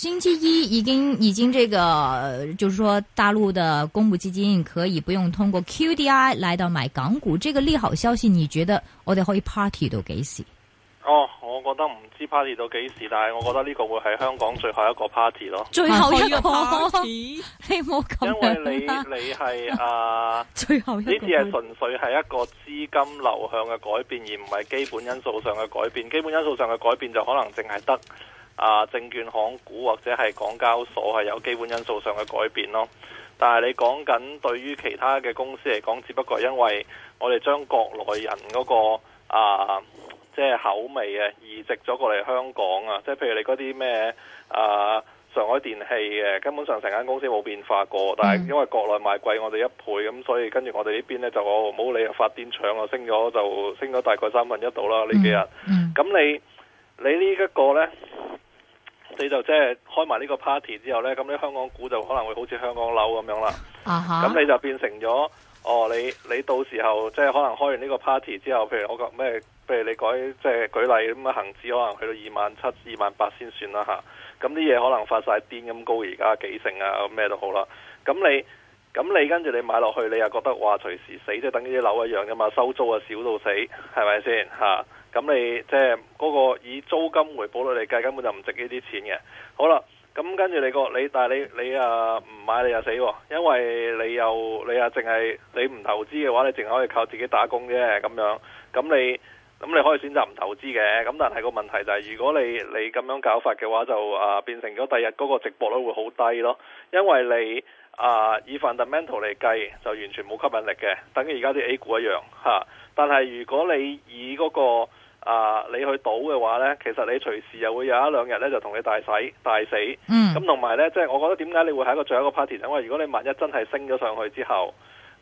星期一已經已經這個，就是說大陸的公募基金可以不用通過 QDII 來到買港股，這個利好消息你覺得我哋可以 party 到幾時？哦，我覺得唔知 party 到幾時，但係我覺得呢個會係香港最後一個 party 咯。最後,最後一個 party，你冇咁樣。因為你你係啊，uh, 最後一個呢啲係純粹係一個資金流向嘅改變，而唔係基本因素上嘅改變。基本因素上嘅改變就可能淨係得。啊，證券行股或者係港交所係有基本因素上嘅改變咯。但係你講緊對於其他嘅公司嚟講，只不過因為我哋將國內人嗰、嗰個啊，即係口味移植咗過嚟香港啊，即係譬如你嗰啲咩啊，上海電器嘅，根本上成間公司冇變化過，嗯、但係因為國內賣貴，我哋一倍咁，所以跟住我哋呢邊呢，就、哦、冇理由發電廠啊，升咗就升咗大概三分一度啦呢幾日。咁、嗯嗯、你你呢一個呢。你就即係開埋呢個 party 之後呢，咁你香港股就可能會好似香港樓咁樣啦。咁、uh huh. 你就變成咗，哦，你你到時候即係可能開完呢個 party 之後，譬如我覺咩，譬如你改即係舉例咁啊，恒指可能去到二萬七、二萬八先算啦吓。咁啲嘢可能發晒癲咁高而家，幾成啊，咩都好啦。咁你咁你跟住你買落去，你又覺得話隨時死，即係等啲啲樓一樣㗎嘛，收租啊少到死，係咪先吓？啊咁你即係嗰個以租金回報率嚟計，根本就唔值呢啲錢嘅。好啦，咁跟住你個你，但係你你你啊唔買你又死喎，因為你又你啊淨係你唔投資嘅話，你淨可以靠自己打工啫咁樣。咁你咁你可以選擇唔投資嘅。咁但係個問題就係，如果你你咁樣搞法嘅話，就啊變成咗第日嗰個值博率會好低咯，因為你啊以 fundamental 嚟計就完全冇吸引力嘅，等於而家啲 A 股一樣吓。但係如果你以嗰個啊！你去賭嘅話呢，其實你隨時又會有一兩日呢，就同你大洗大死。嗯。咁同埋呢，即係我覺得點解你會喺一個最後一個 party？因為如果你萬一真係升咗上去之後，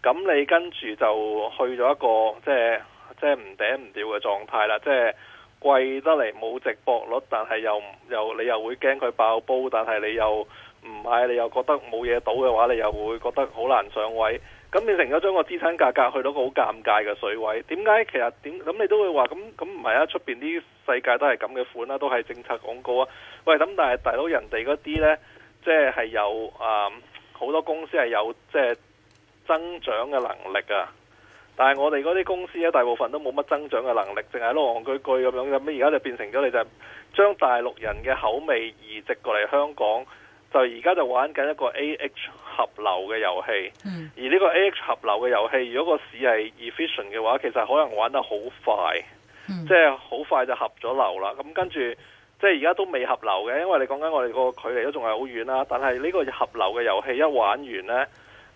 咁你跟住就去咗一個即係即係唔頂唔掉嘅狀態啦。即係貴得嚟冇值博率，但係又又你又會驚佢爆煲，但係你又唔係你又覺得冇嘢賭嘅話，你又會覺得好難上位。咁你成日將個資產價格去到個好尷尬嘅水位，點解其實點咁你都會話咁咁唔係啊？出面啲世界都係咁嘅款啦，都係政策廣告啊！喂，咁但係大佬人哋嗰啲呢，即係係有啊好、嗯、多公司係有即係增長嘅能力呀、啊。但係我哋嗰啲公司咧，大部分都冇乜增長嘅能力，淨係攞戇居居咁樣嘅，咁而家就變成咗你就將大陸人嘅口味移植過嚟香港，就而家就在玩緊一個 AH 合流嘅遊戲，而呢個 A X 合流嘅遊戲，如果個市係 efficient 嘅話，其實可能玩得好快，即係好快就合咗流啦。咁跟住，即係而家都未合流嘅，因為你講緊我哋個距離都仲係好遠啦。但係呢個合流嘅遊戲一玩完呢，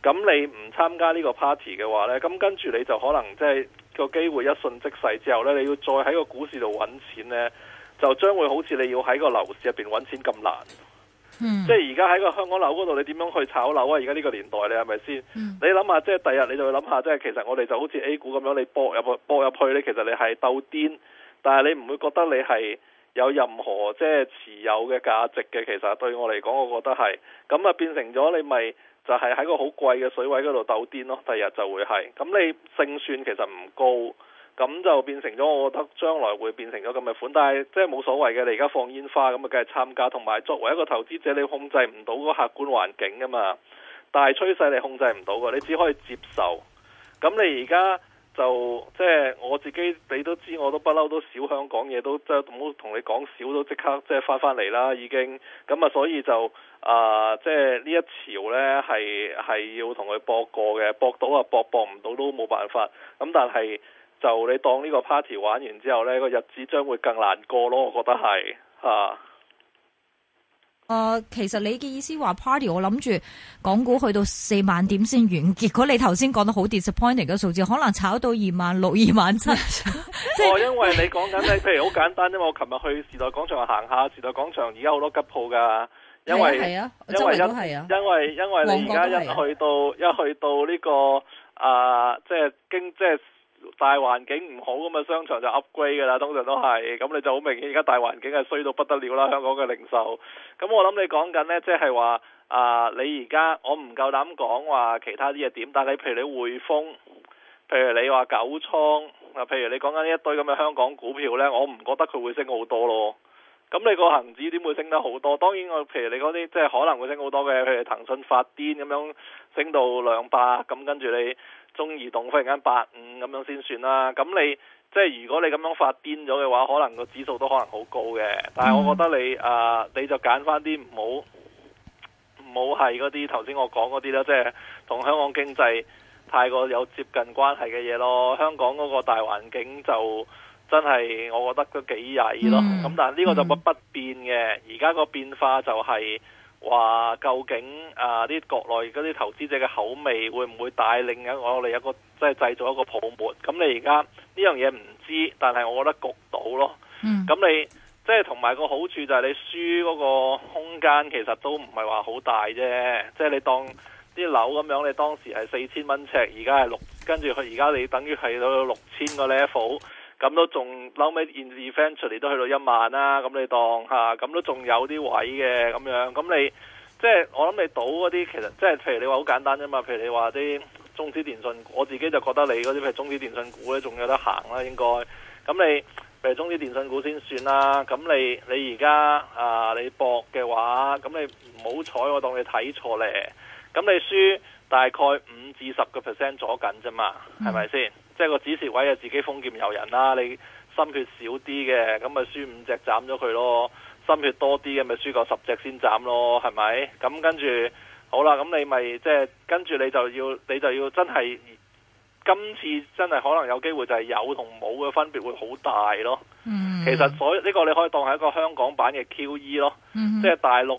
咁你唔參加呢個 party 嘅話呢，咁跟住你就可能即係個機會一瞬即逝之後呢，你要再喺個股市度揾錢呢，就將會好似你要喺個樓市入邊揾錢咁難。嗯、即係而家喺個香港樓嗰度，你點樣去炒樓啊？而家呢個年代，你係咪先？嗯、你諗下，即係第日你就會諗下，即係其實我哋就好似 A 股咁樣，你搏入搏入去呢，其實你係鬥癲，但係你唔會覺得你係有任何即係持有嘅價值嘅？其實對我嚟講，我覺得係，咁啊變成咗你咪就係喺個好貴嘅水位嗰度鬥癲咯。第日就會係，咁你勝算其實唔高。咁就變成咗，我覺得將來會變成咗咁嘅款，但係即係冇所謂嘅，你而家放煙花咁啊，梗係參加。同埋作為一個投資者，你控制唔到個客觀環境噶嘛，但係趨勢你控制唔到嘅，你只可以接受。咁你而家就即係我自己，你都知，我都不嬲都少香港嘢，都即係同你講少都即刻即係翻返嚟啦，已經。咁啊，所以就啊、呃，即係呢一潮呢，係係要同佢搏過嘅，搏到啊搏搏唔到都冇辦法。咁但係。就你當呢個 party 玩完之後，呢個日子將會更難過咯，我覺得係吓。誒、啊呃，其實你嘅意思話 party，我諗住港股去到四萬點先完結。結果你頭先講得好 disappointing 嘅數字，可能炒到二萬六、二萬七。即、 就係呃、因為你講緊呢，譬如好簡單啫嘛。 因為我琴日去時代廣場行下，時代廣場而家好多吉鋪㗎。因為係啊，週五係啊，因為因為你而家一去到、啊、一去到呢、呢個啊，即係經即係。大環境唔好咁啊，商場就 upgrade 㗎啦，通常都係。咁你就好明顯，而家大環境係衰到不得了啦，香港嘅零售。咁我諗你講緊呢，即係話啊，你而家我唔夠膽講話其他啲嘢點，但係你譬如你匯豐，譬如你話九倉啊，譬如你講緊呢一堆咁嘅香港股票呢，我唔覺得佢會升好多咯。咁你個恒指點會升得好多？當然我譬如你嗰啲即係可能會升好多嘅，譬如騰訊發癲咁樣升到兩百，咁跟住你。中移動，忽然間八五咁樣先算啦。咁你即係如果你咁樣發癲咗嘅話，可能個指數都可能好高嘅。但係我覺得你誒、呃，你就揀翻啲唔好唔好係嗰啲頭先我講嗰啲啦，即係同香港經濟太過有接近關係嘅嘢咯。香港嗰個大環境就真係我覺得都幾曳咯。咁、嗯、但係呢個就個不變嘅，而家個變化就係、係。話究竟啊啲國內而家啲投資者嘅口味會唔會帶領緊我哋有個，一個即係製造一個泡沫？咁你而家呢樣嘢唔知，但係我覺得焗到咯。咁、嗯、你即係同埋個好處就係你輸嗰個空間其實都唔係話好大啫。即、就、係、是、你當啲樓咁樣，你當時係四千蚊尺，而家係六，跟住佢而家你等於係到六千個 level。咁都仲嬲尾 indef 出嚟都去到一萬啦、啊，咁你當嚇、啊、咁都仲有啲位嘅咁樣，咁你即係我諗你賭嗰啲，其實即係譬如你話好簡單啫嘛，譬如你話啲中資電信，我自己就覺得你嗰啲譬如中資電信股咧，仲有得行啦，應該。咁你譬如中資電信股先算啦，咁你你而家啊你博嘅話，咁你唔好彩，我當你睇錯咧，咁你輸大概五至十個 percent 左緊啫嘛，係咪先？是。即係個指示位係自己封劍由人啦，你心血少啲嘅，咁咪輸五隻斬咗佢咯；心血多啲嘅，咪輸個十隻先斬咯，係咪？咁跟住好啦，咁你咪即係跟住你就要，你就要真係今次真係可能有機會就係有同冇嘅分別會好大咯。Mm hmm. 其實所以呢個你可以當係一個香港版嘅 QE 咯。Mm hmm. 即係大陸。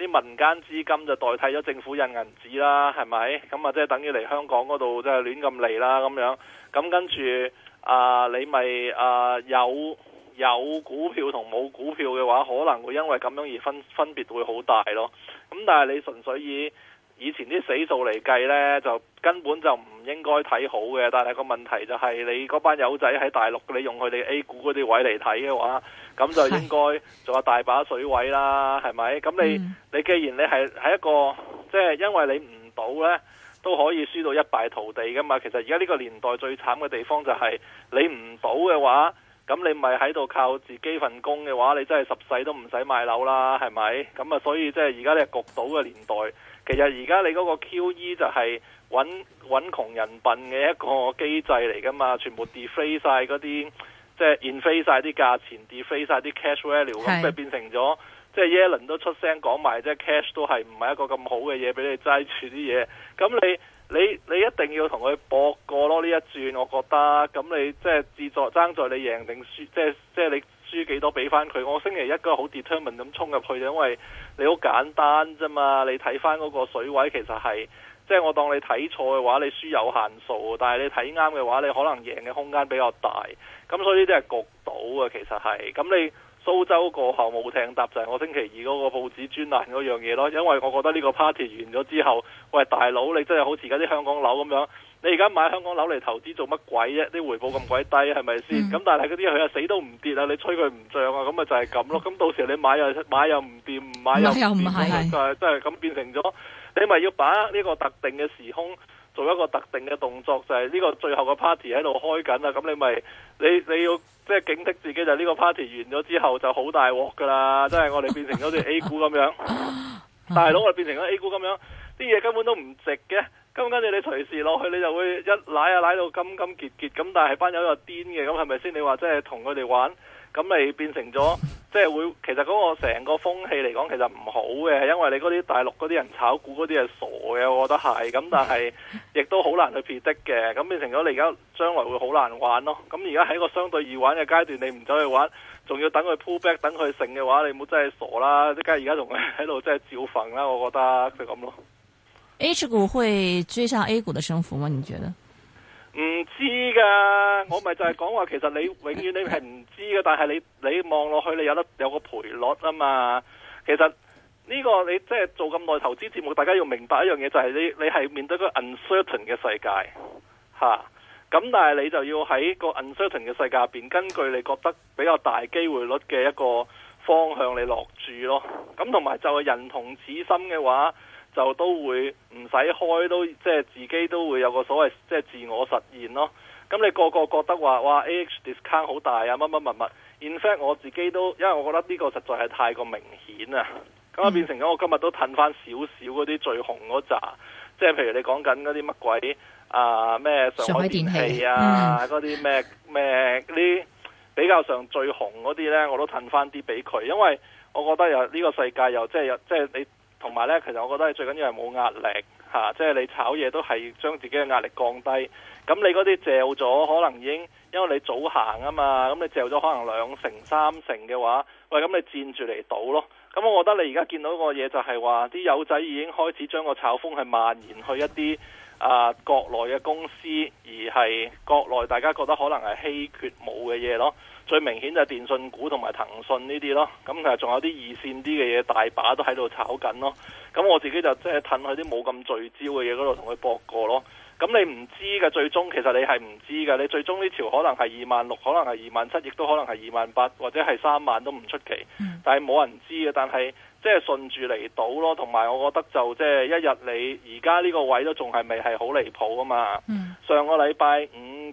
啲民間資金就代替咗政府印銀紙啦，係咪？咁啊，即係等於嚟香港嗰度即係亂咁嚟啦咁樣。咁跟住啊，你咪啊有有股票同冇股票嘅話，可能會因為咁樣而分分別會好大咯。咁但係你純粹以以前啲死數嚟計呢，就根本就唔應該睇好嘅。但係個問題就係、是、你嗰班友仔喺大陸，你用佢哋 A 股嗰啲位嚟睇嘅話，咁就應該仲有大把水位啦，係咪的？咁你你既然你係喺一個即係、就是、因為你唔賭呢，都可以輸到一敗塗地噶嘛。其實而家呢個年代最慘嘅地方就係、是、你唔賭嘅話，咁你咪喺度靠自己份工嘅話，你真係十世都唔使買樓啦，係咪？咁啊，所以即係而家你係局賭嘅年代。其實而家你嗰個 QE 就係揾揾窮人笨嘅一個機制嚟噶嘛，全部 defy 曬嗰啲，即係 inflate 晒啲價錢 defy 晒啲 cash value，咁即係變成咗，即係 Yellen 都出聲講埋，即係 cash 都係唔係一個咁好嘅嘢俾你齋住啲嘢，咁你你你一定要同佢博過咯呢一轉，我覺得，咁你即係自在爭在你贏定輸，即係即係你。輸幾多俾返佢？我星期一嗰個好 determined 咁衝入去，因為你好簡單啫嘛。你睇返嗰個水位，其實係即係我當你睇錯嘅話，你輸有限數；但係你睇啱嘅話，你可能贏嘅空間比較大。咁所以呢啲係局到啊，其實係。咁你蘇州過後冇艇搭，就係、是、我星期二嗰個報紙專欄嗰樣嘢咯。因為我覺得呢個 party 完咗之後，喂大佬，你真係好似而家啲香港樓咁樣。你而家買香港樓嚟投資做乜鬼啫？啲回報咁鬼低，係咪先？咁、嗯、但係嗰啲佢又死都唔跌啊！你吹佢唔漲啊！咁咪就係咁咯。咁到時你買又買又唔跌，唔買又唔是就係即係咁變成咗。的你咪要把呢個特定嘅時空做一個特定嘅動作，就係、是、呢個最後嘅 party 喺度開緊啦。咁你咪你你要即係、就是、警惕自己，就呢、是、個 party 完咗之後就好大鑊噶啦。即係 我哋變成咗啲 A 股咁樣，的大佬我哋變成咗 A 股咁樣，啲嘢根本都唔值嘅。咁跟住你隨時落去，你就會一舐啊舐到金金結結咁，但係班友又癲嘅，咁係咪先？你話即係同佢哋玩，咁嚟變成咗即係會，其實嗰個成個風氣嚟講其實唔好嘅，係因為你嗰啲大陸嗰啲人炒股嗰啲係傻嘅，我覺得係咁，但係亦都好難去撇得嘅，咁變成咗你而家將來會好難玩咯。咁而家喺個相對易玩嘅階段，你唔走去玩，仲要等佢 pull back，等佢勝嘅話，你唔好真係傻啦，梗係而家仲喺度真係照瞓啦，我覺得佢咁、就是、咯。H 股會追上 A 股的升幅嗎？你覺得？唔知噶，我咪就係講話，其實你永遠你係唔知噶， 但係你你望落去，你有得有個賠率啊嘛。其實呢個你即係做咁耐投資節目，大家要明白一樣嘢，就係你你係面對個 uncertain 嘅世界吓，咁但係你就要喺個 uncertain 嘅世界入邊，根據你覺得比較大機會率嘅一個方向，你落注咯。咁同埋就係人同此心嘅話。就都會唔使開都即係自己都會有個所謂即係自我實現咯。咁你個個覺得話哇，AH discount 好大啊，乜乜乜乜。In fact，我自己都因為我覺得呢個實在係太過明顯啊。咁啊，變成咗我今日都褪翻少少嗰啲最紅嗰扎。即係譬如你講緊嗰啲乜鬼啊咩上海電器啊嗰啲咩咩啲比較上最紅嗰啲呢，我都褪翻啲俾佢，因為我覺得又呢個世界又即係即係你。同埋呢，其實我覺得最緊要係冇壓力吓，即係、啊就是、你炒嘢都係將自己嘅壓力降低。咁你嗰啲嚼咗，可能已經因為你早行啊嘛，咁你嚼咗可能兩成三成嘅話，喂，咁你佔住嚟倒咯。咁我覺得你而家見到一個嘢就係話，啲友仔已經開始將個炒風係蔓延去一啲。啊！國內嘅公司，而係國內大家覺得可能係稀缺冇嘅嘢咯，最明顯就係電信股同埋騰訊呢啲咯。咁其實仲有啲二線啲嘅嘢，大把都喺度炒緊咯。咁、嗯嗯、我自己就即係褪去啲冇咁聚焦嘅嘢嗰度同佢搏過咯。咁、嗯嗯、你唔知嘅最終其實你係唔知嘅。你最終呢條可能係二萬六，可能係二萬七，亦都可能係二萬八或者係三萬都唔出奇。但係冇人知嘅，但係。即係順住嚟倒咯，同埋我覺得就即係一日你而家呢個位都仲係未係好離譜啊嘛。嗯、上個禮拜五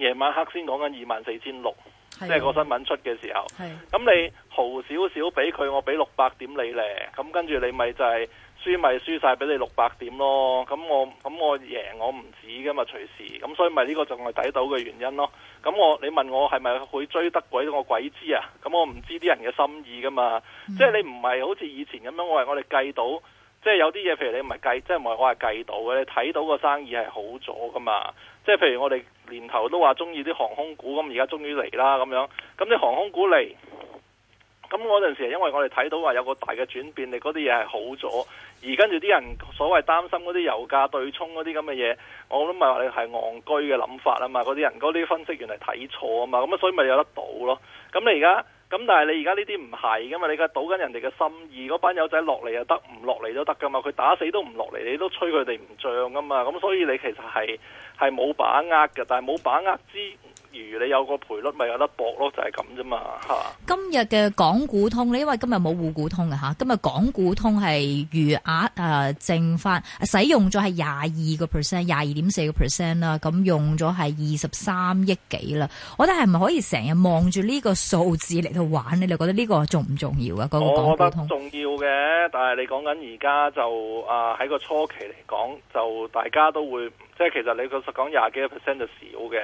夜晚黑先講緊二萬四千六，即係個新聞出嘅時候。咁的你豪少少俾佢，我俾六百點里里你嚟、就係。咁跟住你咪就係。輸咪輸晒俾你六百點咯，咁我咁我贏我唔止噶嘛隨時，咁所以咪呢個就係抵到嘅原因咯。咁我你問我係咪會追得鬼我鬼知啊？咁我唔知啲人嘅心意噶嘛，mm hmm. 即係你唔係好似以前咁樣，我係我哋計到，即係有啲嘢譬如你唔係計，即係唔係我係計到嘅，你睇到個生意係好咗噶嘛。即係譬如我哋年頭都話中意啲航空股，咁而家終於嚟啦咁你咁啲航空股嚟。咁我嗰陣時係因為我哋睇到話有個大嘅轉變，你嗰啲嘢係好咗，而跟住啲人所謂擔心嗰啲油價對沖嗰啲咁嘅嘢，我諗咪話你係戇居嘅諗法啊嘛，嗰啲人嗰啲分析員係睇錯啊嘛，咁所以咪有得賭咯。咁你而家咁，但係你而家呢啲唔係噶嘛，你梗係賭緊人哋嘅心意，嗰班友仔落嚟又得，唔落嚟都得噶嘛，佢打死都唔落嚟，你都吹佢哋唔漲啊嘛，咁所以你其實係冇把握嘅，但係冇把握之。如你有個賠率，咪有得搏咯，就係咁啫嘛嚇。今日嘅港股通，你因為今日冇互股通嘅嚇，今日港股通係餘額啊、呃，剩翻使用咗係廿二個 percent，廿二點四個 percent 啦，咁用咗係二十三億幾啦。我哋係咪可以成日望住呢個數字嚟到玩咧？你覺得呢個重唔重要啊？嗰、嗰個港股通我覺得重要嘅，但係你講緊而家就啊喺個初期嚟講，就大家都會即係其實你確實講廿幾個 percent 就少嘅。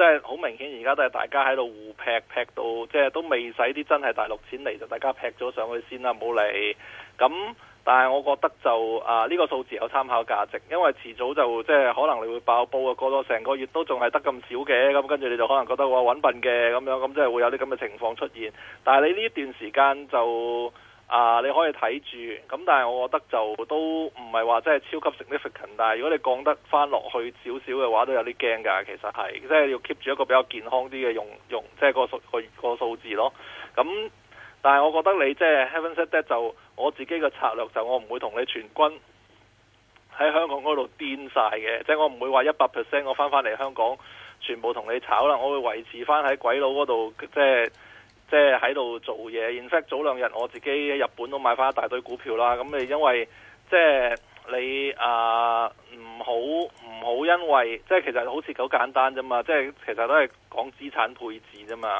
即係好明顯，而家都係大家喺度互劈劈，劈到，即係都未使啲真係大陸錢嚟就大家劈咗上去先啦，冇嚟。咁但係我覺得就啊呢個數字有參考價值，因為遲早就即係可能你會爆煲啊，過多成個月都仲係得咁少嘅，咁跟住你就可能覺得我揾笨嘅咁樣，咁即係會有啲咁嘅情況出現。但係你呢段時間就。啊，uh, 你可以睇住，咁但係我覺得就都唔係話真係超級 significant，但係如果你降得翻落去少少嘅話，都有啲驚㗎。其實係即係要 keep 住一個比較健康啲嘅用用，即係、就是個個數字咯。咁但係我覺得你即係、就是、heaven said 就我自己嘅策略就我唔會同你全軍喺香港嗰度癲曬嘅，即係我唔會話一百 percent 我翻返嚟香港全部同你炒啦，我會維持翻喺鬼佬嗰度即係。就是即係喺度做嘢，In fact，早兩日我自己喺日本都買翻一大堆股票啦。咁你因為即係、就是、你啊，唔、呃、好唔好因為即係、就是、其實好似好簡單啫嘛。即、就、係、是、其實都係講資產配置啫嘛。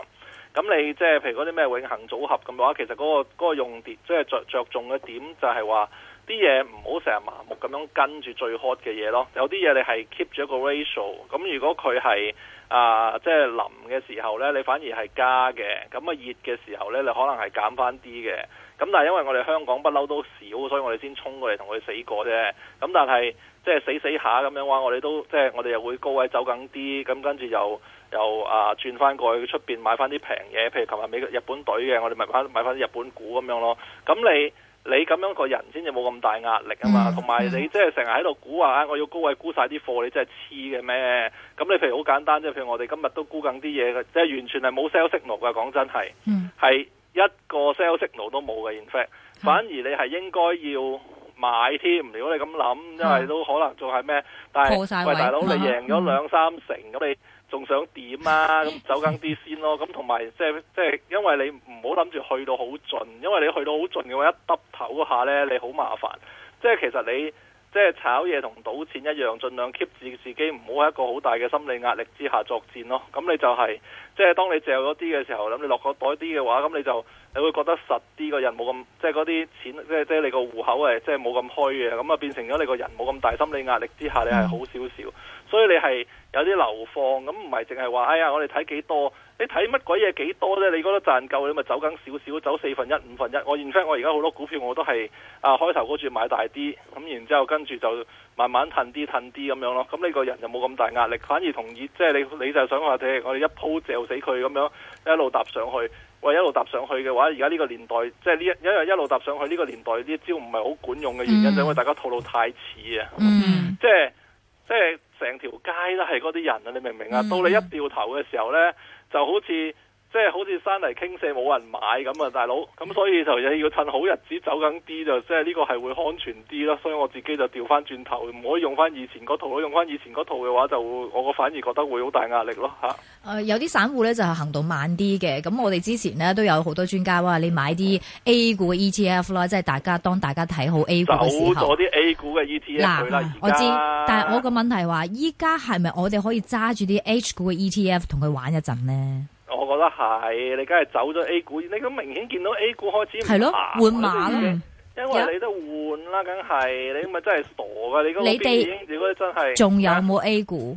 咁你即係、就是、譬如嗰啲咩永恆組合咁嘅話，其實嗰、那個那個用點即係着重嘅點就係話啲嘢唔好成日盲目咁樣跟住最 hot 嘅嘢咯。有啲嘢你係 keep 住一個 ratio。咁如果佢係啊，即係淋嘅時候呢，你反而係加嘅，咁啊熱嘅時候呢，你可能係減翻啲嘅。咁但係因為我哋香港不嬲都少，所以我哋先衝過嚟同佢死過啫。咁但係即係死死下咁樣話，我哋都即係、就是、我哋又會高位走緊啲，咁跟住又又啊轉翻過去出面買翻啲平嘢，譬如琴日美國日本隊嘅，我哋咪翻買翻啲日本股咁樣咯。咁你。你咁樣個人先至冇咁大壓力啊嘛，同埋、嗯、你即係成日喺度估話，我要高位沽晒啲貨，你真係黐嘅咩？咁你譬如好簡單，即係譬如我哋今日都沽緊啲嘢嘅，即、就、係、是、完全係冇 sell signal 嘅，講真係，係一個 fact, sell signal 都冇嘅 in fact。反而你係應該要買添，如果你咁諗，嗯、因為都可能仲係咩？但係喂，大佬你贏咗兩三成，咁、嗯、你。仲想點啊？咁走緊啲先咯。咁同埋即係即係，因為你唔好諗住去到好盡，因為你去到好盡嘅話，一耷頭下呢，你好麻煩。即係其實你即係炒嘢同賭錢一樣，盡量 keep 住自己唔好喺一個好大嘅心理壓力之下作戰咯。咁你就係即係當你借咗啲嘅時候，諗你落個袋啲嘅話，咁你就你會覺得實啲個人冇咁，即係嗰啲錢，即係即係你個戶口係即係冇咁虛嘅，咁啊變成咗你個人冇咁大、嗯、心理壓力之下你，你係好少少。所以你係有啲流放咁，唔係淨係話哎呀，我哋睇幾多？你睇乜鬼嘢幾多呢？你覺得賺夠，你咪走緊少少，走四分一、五分一。我 in fact，我而家好多股票我都係啊開頭嗰住買大啲，咁然之後跟住就慢慢褪啲褪啲咁樣咯。咁呢個人就冇咁大壓力，反而同意。即係你你就想話，哎，我哋我哋一鋪嚼死佢咁樣，一路搭上去。喂，一路搭上去嘅話，而家呢個年代即係呢，因為一,一路搭上去呢個年代呢招唔係好管用嘅原因，就，mm. 因為大家套路太似啊。即係即係成條街都係嗰啲人啊！你明唔明啊？嗯、到你一掉頭嘅時候咧，就好似～即係好似山泥傾瀉冇人買咁啊，大佬咁，所以就要要趁好日子走緊啲，就即係呢個係會安全啲啦。所以我自己就掉翻轉頭，唔可以用翻以前嗰套咯。用翻以前嗰套嘅話，就我個反而覺得會好大壓力咯吓。誒、呃，有啲散戶咧就行動慢啲嘅。咁我哋之前咧都有好多專家話你買啲 A 股嘅 ETF 啦，即係大家當大家睇好 A 股嘅時候，走咗啲 A 股嘅 ETF 啦。嗯、在我知，但係我個問題話，依家係咪我哋可以揸住啲 H 股嘅 ETF 同佢玩一陣呢？」覺得係，你梗係走咗 A 股，你咁明顯見到 A 股開始換馬，因為你都換啦，梗係你咪真係傻㗎，你嗰邊如果真係仲有冇 A 股，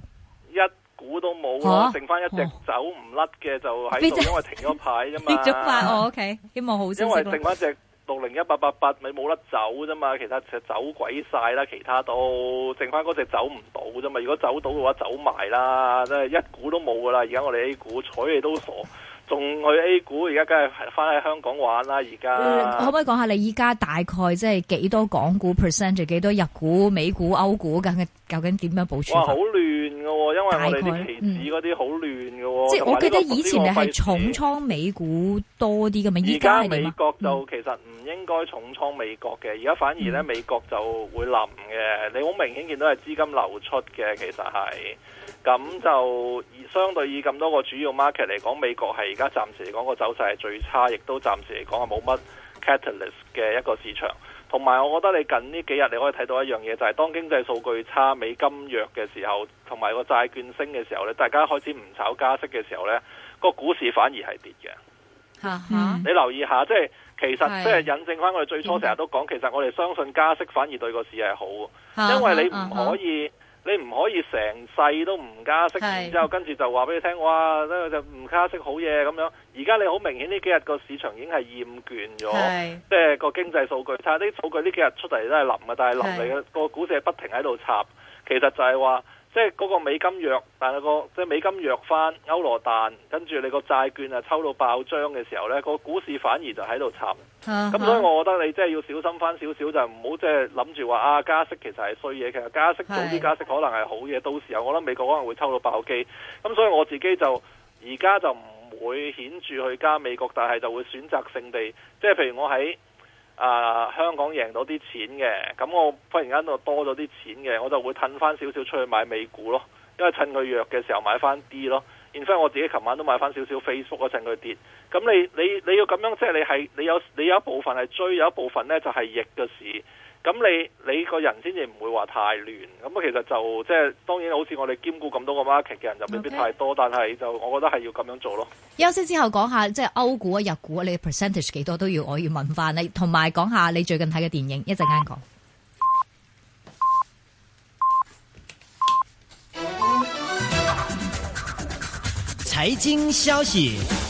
一股都冇啊，剩翻一隻走唔甩嘅就喺度，因為停咗牌吖嘛。祝發我屋企希望好，因為剩翻隻。六零一八八八咪冇得走啫嘛，其他就走鬼晒啦，其他都剩翻嗰隻走唔到啫嘛，如果走到嘅話走埋啦，真係一股都冇噶啦，而家我哋 A 股睬你都傻。同去 A 股而家梗係翻喺香港玩啦！而家可唔可以講下你依家大概即係幾多港股 percent，就幾多日股美股、歐股嘅？究竟點樣保存？哇，好亂喎！因為我哋啲期指嗰啲好亂喎！即係、嗯、我記得以前你係重倉美股多啲嘅嘛，而家美國就其實唔應該重倉美國嘅，而家反而咧、嗯、美國就會冧嘅。你好明顯見到係資金流出嘅，其實係。咁就相對以咁多個主要 market 嚟講，美國係而家暫時嚟講個走勢係最差，亦都暫時嚟講係冇乜 catalyst 嘅一個市場。同埋，我覺得你近呢幾日你可以睇到一樣嘢，就係當經濟數據差、美金弱嘅時候，同埋個債券升嘅時候呢，大家開始唔炒加息嘅時候呢，個股市反而係跌嘅。你留意下，即係其實即係引證翻我哋最初成日都講，其實我哋相信加息反而對個市係好，因為你唔可以。你唔可以成世都唔加息，然是的 之後跟住就話俾你聽，哇！呢個就唔加息好嘢咁樣。而家你好明顯呢幾日個市場已經係厭倦咗，即係是的 個經濟數據。睇下啲數據呢幾日出嚟都係冧嘅，但係臨嚟嘅個股市係不停喺度插。其實就係話。即係嗰個美金弱，但係、嗰個即係美金弱翻歐羅彈，跟住你個債券啊抽到爆張嘅時候呢、個股市反而就喺度沉。咁、嗯、哼所以我覺得你真係要小心翻少少，就唔好即係諗住話啊加息其實係衰嘢，其實加息早啲加息可能係好嘢。的到時候我諗美國可能會抽到爆機，咁所以我自己就而家就唔會顯著去加美國，但係就會選擇性地即係譬如我喺。啊！香港贏到啲錢嘅，咁我忽然間就多咗啲錢嘅，我就會褪翻少少出去買美股咯，因為趁佢弱嘅時候買翻啲咯。然之後我自己琴晚都買翻少少 Facebook，趁佢跌。咁你你你要咁樣，即係你係你有你有一部分係追，有一部分咧就係、是、逆嘅市。咁你你個人先至唔會話太亂，咁啊，其實就即係當然，好似我哋兼顧咁多個 market 嘅人就未必太多，Okay. 但係就我覺得係要咁樣做咯。休息之後講下即係歐股啊、日股啊，你嘅 percentage 幾多都要我要問翻你，同埋講下你最近睇嘅電影，一陣間講。財經消息。